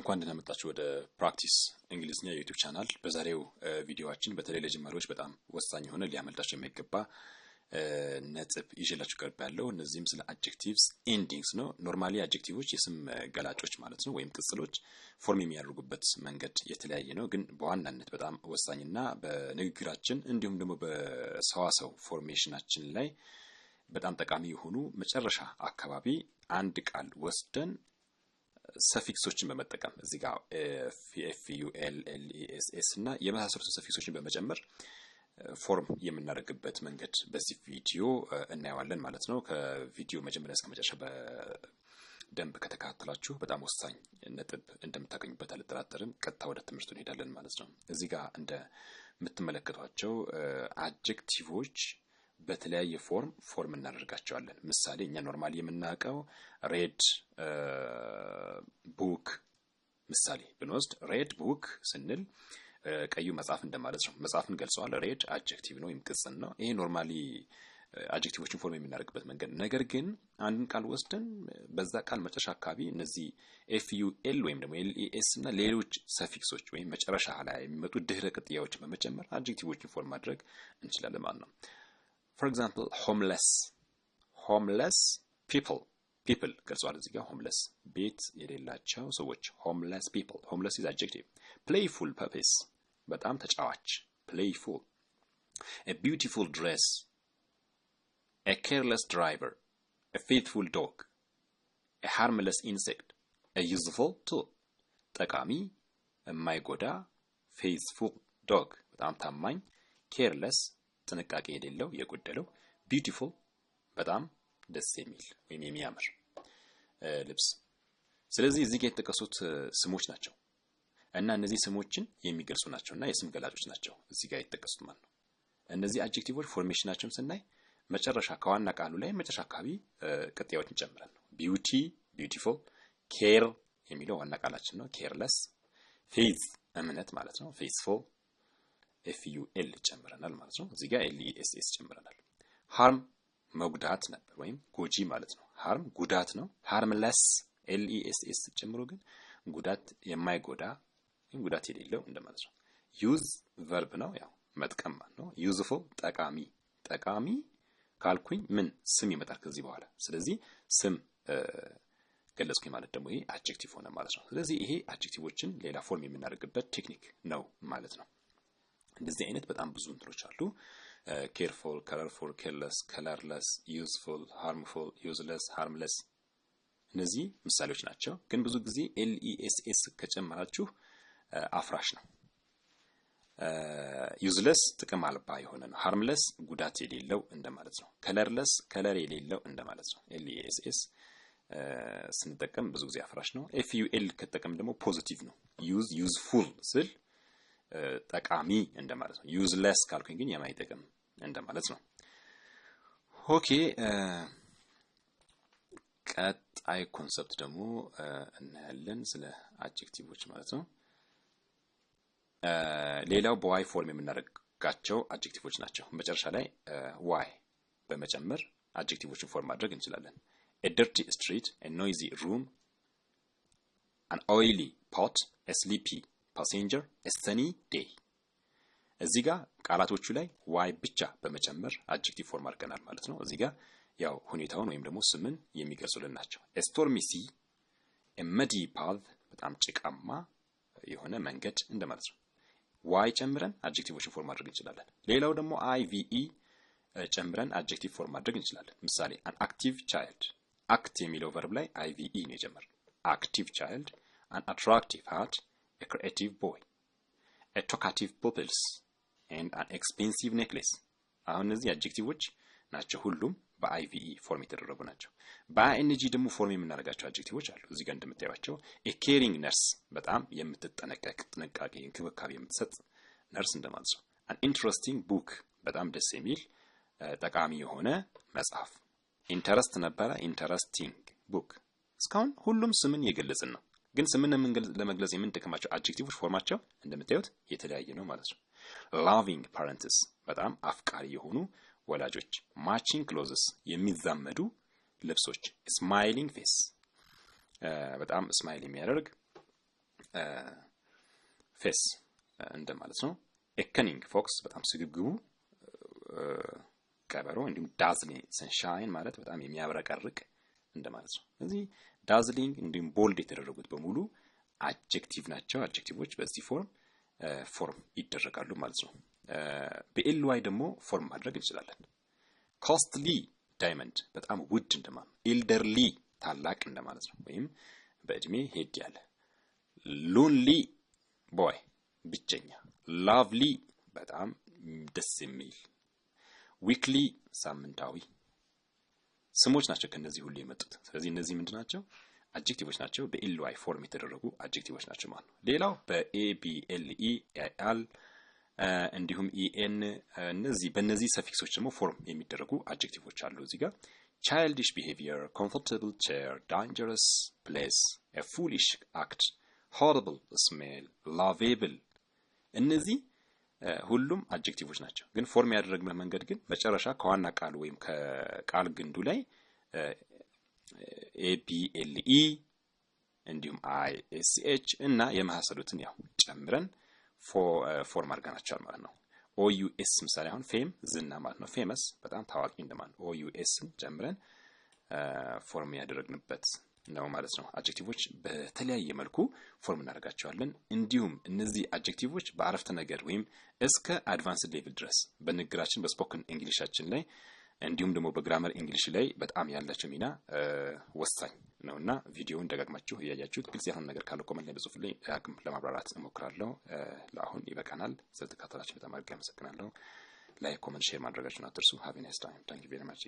እንኳን ደህና መጣችሁ ወደ ፕራክቲስ እንግሊዝኛ የዩቲዩብ ቻናል። በዛሬው ቪዲዮችን በተለይ ለጀማሪዎች በጣም ወሳኝ የሆነ ሊያመልጣቸው የማይገባ ነጥብ ይዤላችሁ ቀርብ ያለው እነዚህም ስለ አጀክቲቭስ ኢንዲንግስ ነው። ኖርማሊ አጀክቲቮች የስም ገላጮች ማለት ነው፣ ወይም ቅጽሎች ፎርም የሚያደርጉበት መንገድ የተለያየ ነው። ግን በዋናነት በጣም ወሳኝና በንግግራችን እንዲሁም ደግሞ በሰዋሰው ፎርሜሽናችን ላይ በጣም ጠቃሚ የሆኑ መጨረሻ አካባቢ አንድ ቃል ወስደን ሰፊክሶችን በመጠቀም እዚህ ጋር እና የመሳሰሉትን ሰፊክሶችን በመጨመር ፎርም የምናደርግበት መንገድ በዚህ ቪዲዮ እናየዋለን ማለት ነው። ከቪዲዮ መጀመሪያ እስከ መጨረሻ በደንብ ከተከታተላችሁ በጣም ወሳኝ ነጥብ እንደምታገኙበት አልጠራጠርም። ቀጥታ ወደ ትምህርቱ እንሄዳለን ማለት ነው። እዚህ ጋር እንደምትመለከቷቸው አጀክቲቮች በተለያየ ፎርም ፎርም እናደርጋቸዋለን። ምሳሌ እኛ ኖርማል የምናውቀው ሬድ ቡክ ምሳሌ ብንወስድ ሬድ ቡክ ስንል ቀዩ መጽሐፍ እንደማለት ነው። መጽሐፍን ገልጸዋል። ሬድ አጀክቲቭ ነው ወይም ቅጽን ነው። ይሄ ኖርማሊ አጀክቲቮችን ፎርም የምናደርግበት መንገድ። ነገር ግን አንድን ቃል ወስደን በዛ ቃል መጨረሻ አካባቢ እነዚህ ኤፍ ዩ ኤል ወይም ደግሞ ኤል ኢ ኤስ እና ሌሎች ሰፊክሶች ወይም መጨረሻ ላይ የሚመጡ ድህረ ቅጥያዎችን በመጨመር አጀክቲቮችን ፎርም ማድረግ እንችላለን ማለት ነው። for example, homeless. Homeless people. People. ገልጸዋል homeless. ቤት so ሰዎች. Homeless people. Homeless is adjective. Playful purpose. በጣም ተጫዋች. Playful. A beautiful dress. A careless driver. A faithful dog. A harmless insect. A useful tool. Takami, a ጠቃሚ የማይጎዳ ፌስፉል ዶግ በጣም ታማኝ careless. ጥንቃቄ የሌለው የጎደለው ቢዩቲፉል በጣም ደስ የሚል ወይም የሚያምር ልብስ። ስለዚህ እዚህ ጋር የተጠቀሱት ስሞች ናቸው እና እነዚህ ስሞችን የሚገልጹ ናቸው እና የስም ገላጮች ናቸው እዚህ ጋር የተጠቀሱት ማለት ነው። እነዚህ አጀክቲቮች ፎርሜሽናቸውን ስናይ መጨረሻ ከዋና ቃሉ ላይ መጨረሻ አካባቢ ቅጥያዎችን እንጨምራል። ቢዩቲ ቢዩቲፉል፣ ኬር የሚለው ዋና ቃላችን ነው። ኬርለስ ፌዝ እምነት ማለት ነው። ፌዝፉል ኤፍዩ ኤል ጨምረናል ማለት ነው። እዚህ ጋር ኤል e ጨምረናል። ሃርም መጉዳት ነበር ወይም ጎጂ ማለት ነው። ሃርም ጉዳት ነው። ሃርምለስ ለስ ኤልኢኤስኤስ e ጨምሮ ግን ጉዳት የማይጎዳ ወይም ጉዳት የሌለው እንደማለት ነው። ዩዝ ቨርብ ነው፣ ያው መጥቀም ማለት ነው። ዩዝፎ ጠቃሚ ጠቃሚ ካልኩኝ ምን ስም ይመጣል ከዚህ በኋላ። ስለዚህ ስም ገለጽኩኝ ማለት ደግሞ ይሄ አጀክቲቭ ሆነ ማለት ነው። ስለዚህ ይሄ አጀክቲቮችን ሌላ ፎርም የምናደርግበት ቴክኒክ ነው ማለት ነው። እንደዚህ አይነት በጣም ብዙ እንትኖች አሉ። ኬርፉል፣ ከለርፉል፣ ኬርለስ፣ ከለርለስ፣ ዩዝፉል፣ ሃርምፉል፣ ዩዝለስ፣ ሃርምለስ እነዚህ ምሳሌዎች ናቸው። ግን ብዙ ጊዜ ኤልኢኤስኤስ e ከጨመራችሁ አፍራሽ ነው። ዩዝለስ ጥቅም አልባ የሆነ ነው። ሃርምለስ ጉዳት የሌለው እንደማለት ነው። ከለርለስ ከለር የሌለው እንደማለት ነው። ኤልኢኤስኤስ e ስንጠቀም ብዙ ጊዜ አፍራሽ ነው። ኤፍዩኤል ከጠቀም ደግሞ ፖዚቲቭ ነው። ዩዝ ዩዝፉል ስል ጠቃሚ እንደማለት ነው። ዩዝለስ ካልኩኝ ግን የማይጠቅም እንደማለት ነው። ኦኬ ቀጣይ ኮንሰፕት ደግሞ እናያለን ስለ አጀክቲቮች ማለት ነው። ሌላው በዋይ ፎርም የምናደርጋቸው አጀክቲቮች ናቸው። መጨረሻ ላይ ዋይ በመጨመር አጀክቲቮችን ፎርም ማድረግ እንችላለን። ኤ ደርቲ ስትሪት፣ ኤ ኖይዚ ሩም፣ አን ኦይሊ ፖት፣ ኤ ስሊፒ ፓሴንጀር ሰኒ ዴይ። እዚህ ጋር ቃላቶቹ ላይ ዋይ ብቻ በመጨመር አጀክቲቭ ፎርም አድርገናል ማለት ነው። እዚህ ጋር ያው ሁኔታውን ወይም ደግሞ ስምን የሚገልጹልን ናቸው። ስቶርሚ ሲ መዲ ፓዝ፣ በጣም ጭቃማ የሆነ መንገድ እንደማለት ነው። ዋይ ጨምረን አጀክቲቮችን ፎርም ማድረግ እንችላለን። ሌላው ደግሞ አይ ቪ ኢ ጨምረን አጀክቲቭ ፎርም ማድረግ እንችላለን። ምሳሌ አን አክቲቭ ቻይልድ። አክት የሚለው ቨርብ ላይ አይ ቪ ኢ ነው የጀመር። አክቲቭ ቻይልድ አን አትራክቲቭ ሃት a creative boy, a talkative pupils and an expensive necklace። አሁን እነዚህ አድጀክቲቮች ናቸው። ሁሉም በአይቪኢ ፎርም የተደረጉ ናቸው። በአይኤንጂ ደግሞ ፎርም የምናደርጋቸው አድጀክቲቮች አሉ። እዚህ ጋር እንደምታዩቸው ኬሪንግ ነርስ፣ በጣም የምትጠነቀቅ ጥንቃቄ፣ እንክብካቤ የምትሰጥ ነርስ እንደማለት ነው። አን ኢንትረስቲንግ ቡክ፣ በጣም ደስ የሚል ጠቃሚ የሆነ መጽሐፍ። ኢንተረስት ነበረ ኢንተረስቲንግ ቡክ። እስካሁን ሁሉም ስምን የገለጽን ነው። ግን ስምን ለመግለጽ የምንጠቀማቸው አድጀክቲቮች ፎርማቸው እንደምታዩት የተለያየ ነው ማለት ነው። ላቪንግ ፓረንትስ በጣም አፍቃሪ የሆኑ ወላጆች፣ ማቺንግ ክሎዝስ የሚዛመዱ ልብሶች፣ ስማይሊንግ ፌስ በጣም ስማይል የሚያደርግ ፌስ እንደማለት ነው። ኤከኒንግ ፎክስ በጣም ስግብግቡ ቀበሮ፣ እንዲሁም ዳዝሊ ሰንሻይን ማለት በጣም የሚያብረቀርቅ እንደማለት ነው። ስለዚህ ዳዝሊንግ እንዲሁም ቦልድ የተደረጉት በሙሉ አጀክቲቭ ናቸው። አጀክቲቮች በዚህ ፎርም ፎርም ይደረጋሉ ማለት ነው። በኤልዋይ ደግሞ ፎርም ማድረግ እንችላለን። ኮስትሊ ዳይመንድ በጣም ውድ እንደማለት ነው። ኤልደርሊ ታላቅ እንደማለት ነው፣ ወይም በእድሜ ሄድ ያለ። ሎንሊ ቦይ ብቸኛ። ላቭሊ በጣም ደስ የሚል። ዊክሊ ሳምንታዊ ስሞች ናቸው ከነዚህ ሁሉ የመጡት። ስለዚህ እነዚህ ምንድን ናቸው? አጀክቲቮች ናቸው። በኤልዋይ ፎርም የተደረጉ አጀክቲቮች ናቸው ማለት ነው። ሌላው በኤቢኤልኢ ኤአል እንዲሁም ኢኤን እነዚህ በእነዚህ ሰፊክሶች ደግሞ ፎርም የሚደረጉ አጀክቲቮች አሉ። እዚህ ጋር ቻይልዲሽ ቢሄቪየር፣ ኮምፎርታብል ቼር፣ ዳንጀረስ ፕሌስ፣ ፉሊሽ አክት፣ ሆርብል ስሜል፣ ላቬብል እነዚህ ሁሉም አጀክቲቮች ናቸው። ግን ፎርም ያደረግንበት መንገድ ግን መጨረሻ ከዋና ቃሉ ወይም ከቃል ግንዱ ላይ ኤፒኤልኢ e እንዲሁም አይ ኤስ ኤች እና የመሳሰሉትን ያው ጨምረን ፎርም አድርገናቸዋል ማለት ነው። ኦዩ ኤስ ምሳሌ አሁን ፌም ዝና ማለት ነው። ፌመስ በጣም ታዋቂ እንደማለት ነው። ኦዩ ኤስ ጨምረን ፎርም ያደረግንበት ነው ማለት ነው። አጀክቲቮች በተለያየ መልኩ ፎርም እናደርጋቸዋለን። እንዲሁም እነዚህ አጀክቲቮች በአረፍተ ነገር ወይም እስከ አድቫንስድ ሌቭል ድረስ በንግግራችን በስፖክን እንግሊሻችን ላይ እንዲሁም ደግሞ በግራመር እንግሊሽ ላይ በጣም ያላቸው ሚና ወሳኝ ነው እና ቪዲዮውን ደጋግማችሁ እያያችሁት ግልጽ ያልሆነ ነገር ካለ ኮመንት ላይ በጽሁፍ ላይ ዳግም ለማብራራት እሞክራለሁ። ለአሁን ይበቃናል። ስለተከታተላችሁ በጣም አድርጌ አመሰግናለሁ። ላይክ፣ ኮመንት፣ ሼር ማድረጋችሁን አትርሱ። ሀቪ ናይስ ታይም ታንክ ዩ ቬሪ ማች።